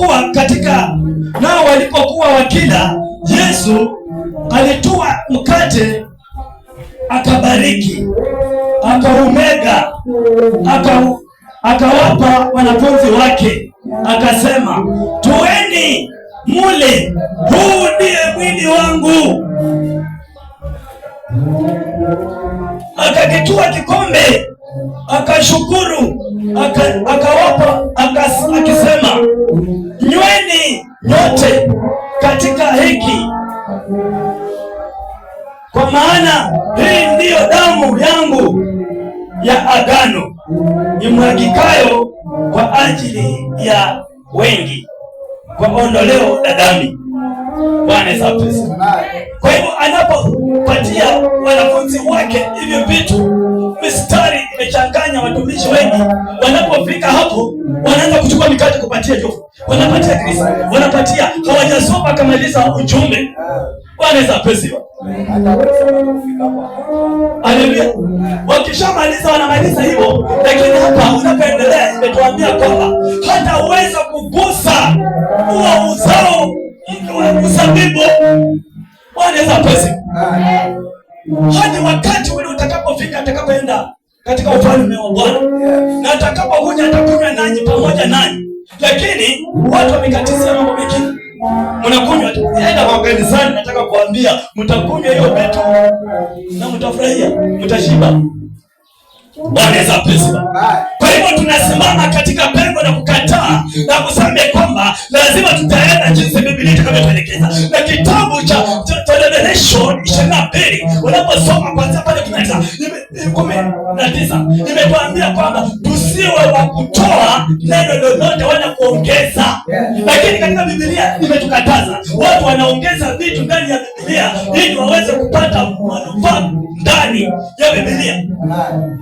walipokuwa katika nao walipokuwa wakila, Yesu alitua mkate akabariki, akaumega, akawapa aka wanafunzi wake, akasema tuweni mule, huu ndiye mwili wangu. Akakitua kikombe, akashukuru, akawapa aka yote katika hiki, kwa maana hii ndiyo damu yangu ya agano imwagikayo kwa ajili ya wengi kwa ondoleo la dhambi. Bwana Yesu. Kwa hivyo anapopatia wanafunzi wake hivyo vitu mistari imechanganya watumishi wengi. Wanapofika hapo, wanaanza kuchukua mikate kupatia jofu, wanapatia Kristo, wanapatia, hawajasoma kamaliza ujumbe. Wanaweza pesiwa. Haleluya! Wakishamaliza wanamaliza hivyo, lakini hapa unapoendelea imetuambia kwamba hata uweza kugusa huo uzao mzabibu. Wanaweza pesiwa hadi wakati mtafika atakapoenda katika ufalme wa Bwana na atakapokuja atakunywa nanyi pamoja nanyi. Lakini watu wamekatisha mambo mengine, mnakunywa enda kwa kanisani. Nataka kuambia mtakunywa hiyo vitu na mtafurahia, mtashiba. Bwana Yesu asifiwe. Kwa hivyo tunasimama katika pengo na kukataa na kusema kwamba lazima tutaenda jinsi Biblia itakavyotuelekeza na kitabu cha kesho ishirini na mbili unaposoma kwanzia pale kumi na tisa nimekuambia kwamba tusiwe wa kutoa neno lolote wala kuongeza, lakini katika Bibilia imetukataza watu wanaongeza vitu ndani ya Bibilia ili waweze kupata manufaa ndani ya Bibilia.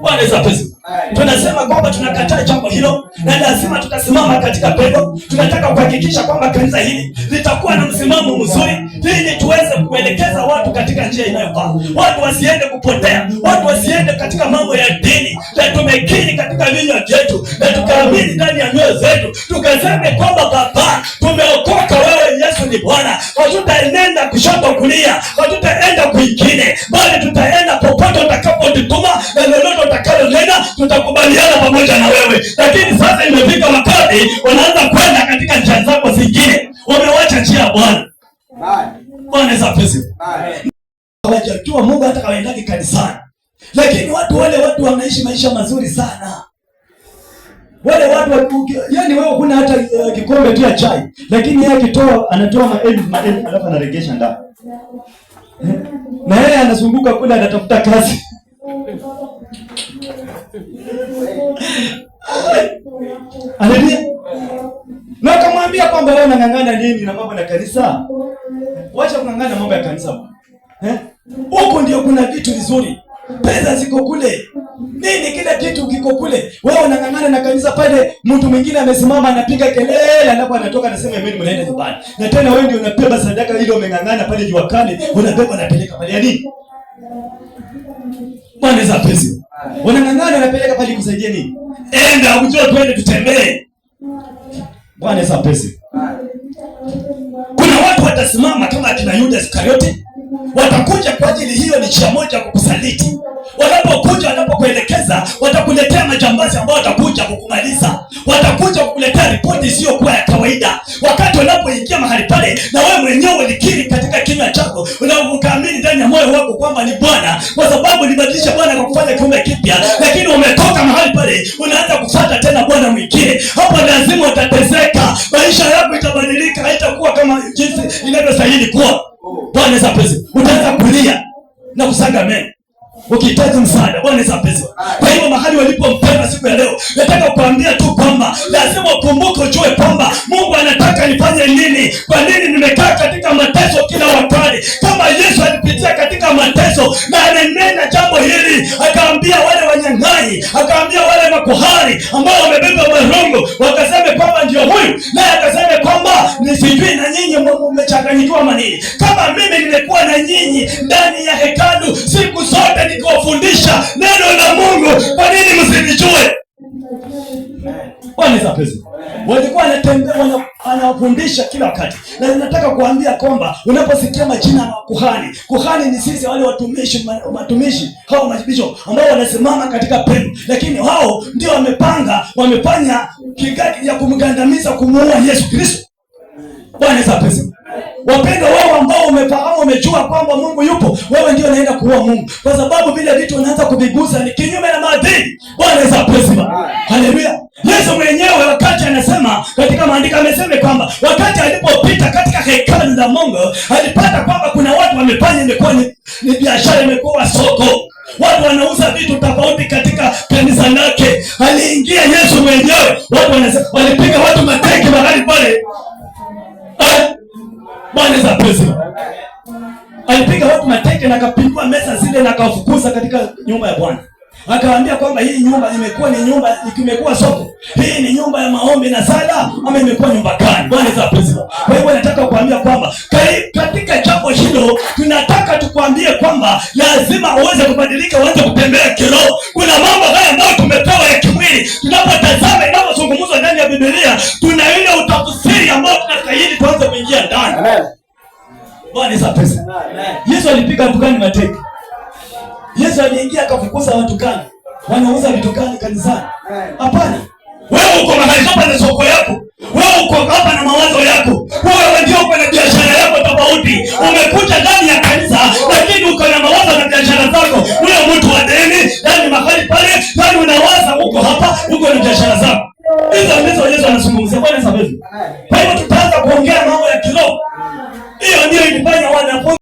Bwana Yesu asifiwe. Tunasema kwamba tunakataa jambo hilo na lazima tutasimama katika pendo. Tunataka kuhakikisha kwamba kanisa hili litakuwa na msimamo mzuri, ili tuweze kuelekeza watu katika njia inayofaa, watu wasiende kupotea, watu wasiende katika mambo ya dini. Na tumekiri katika vinywa vyetu na tukaamini ndani ya mioyo zetu, tukaseme kwamba Baba, tumeokoka, wewe Yesu ni Bwana. Hatutaenenda kushoto kulia, hatutaenda kwingine, bali tutaenda popote utakapotutuma na utakalonena tutakubaliana pamoja na wewe. Lakini sasa imefika wakati wanaanza kwenda katika njia zako zingine, wamewacha njia ya Bwana. Bwana hawajajua Mungu hata kawaendaki kanisani, lakini watu wale watu wanaishi maisha mazuri sana wale watu yani wewe kuna hata uh, kikombe tu ya chai, lakini yeye akitoa anatoa maelfu maelfu, alafu anaregesha ndani, eh? na yeye anazunguka kule anatafuta kazi Haleluya. Na akamwambia kwamba wewe unang'ang'ana nini na mambo na kanisa? Wacha kung'ang'ana mambo ya kanisa. Eh? Huko ndio kuna vitu vizuri. Pesa ziko kule. Nini kila kitu kiko kule. Wewe unang'ang'ana na kanisa pale, mtu mwingine amesimama anapiga kelele, alafu anatoka anasema mimi mnaenda nyumbani. Na tena wewe ndio unabeba sadaka ile umeng'ang'ana pale jua kali, unabeba unapeleka pale. Yaani Bwana za pesa. Wanang'ang'ana wanapeleka pale kusaidia nini? Enda ujue twende tutembee. Bwana za pesa. Kuna watu watasimama kama akina Yuda Iskariote watakuja kwa ajili hiyo ni chia moja kukusaliti. Wanapokuja wanapokuelekeza watakuletea majambazi ambao watakuja kukumaliza watakuja kukuletea ripoti isiyokuwa ya kawaida wakati wanapoingia mahali pale, na wewe mwenyewe ulikiri katika kinywa chako ukaamini ndani ya moyo wako kwamba ni Bwana, kwa sababu ulibadilisha Bwana kwa kufanya kiumbe kipya, lakini umetoka mahali pale unaanza kufata tena bwana mwingine, hapo lazima utateseka. Maisha yako itabadilika, haitakuwa kama jinsi inavyostahili kuwa. Oh. Bwana, utaanza kulia na kusaga meno ukihitaji msaada Bwana Yesu apendwa. Kwa hivyo mahali walipompenda siku ya leo, nataka kuambia tu kwamba lazima ukumbuke, ujue kwamba Mungu anataka nifanye nini. Kwa nini nimekaa katika mateso kila wakati? Kama Yesu alipitia katika mateso na anenena jambo hili, akaambia wale wanyang'ai, akaambia wale makuhani ambao wamebeba marongo, wakasema kwamba ndio huyu, naye akasema sijui na nyinyi mmechanganyikiwa manini. Kama mimi nimekuwa na nyinyi ndani ya hekalu siku zote nikiwafundisha neno la Mungu, kwa nini msinijue? Walikuwa anawafundisha kila wakati, na ninataka kuambia kwamba unaposikia majina ya kuhani, kuhani ni sisi wale watumishi, matumishi hao mabisho ambao wanasimama katika pendo, lakini hao ndio wamepanga, wamefanya ya kumgandamiza, kumuua Yesu Kristo. Bwana Yesu asifiwe. Wapendwa, wewe ambao umefahamu, umejua kwamba Mungu yupo, wewe ndio unaenda kuua Mungu, kwa sababu vile vitu unaanza kuvigusa ni kinyume na maadili. Bwana Yesu asifiwe. Haleluya. Yesu mwenyewe wakati anasema katika maandiko amesema kwamba wakati alipopita katika hekalu la Mungu alipata kwamba kuna watu wamefanya imekuwa ni, ni biashara imekuwa soko, watu wanauza vitu tofauti katika kanisa lake. Aliingia Yesu mwenyewe, watu wanasema walipiga watu mateke mahali pale Eh? Bwana za pesa. Alipiga watu mateke na akapindua meza zile na akawafukuza katika nyumba ya Bwana. Akawaambia kwamba hii nyumba imekuwa ni nyumba imekuwa soko. Hii ni nyumba ya maombi na sala ama imekuwa nyumba gani? Bwana za pesa. Kwa hiyo nataka kuambia kwamba katika jambo hilo tunataka tukwambie kwamba lazima uweze kubadilika, uweze kutembea kiroho. Kuna mambo haya ambayo tumepewa ya kimwili. Tunapotazama inavyozungumzwa ndani ya Biblia, Bwana Yesu asifiwe. Yesu alipiga mateke. Yesu aliingia akafukuza watu kani. Wanauza vitu kani kanisani. Hapana. Wewe uko mahali hapa na soko yako. Wewe uko hapa na mawazo yako. Wewe ndio uko na biashara yako tofauti. Umekuja ndani ya kanisa.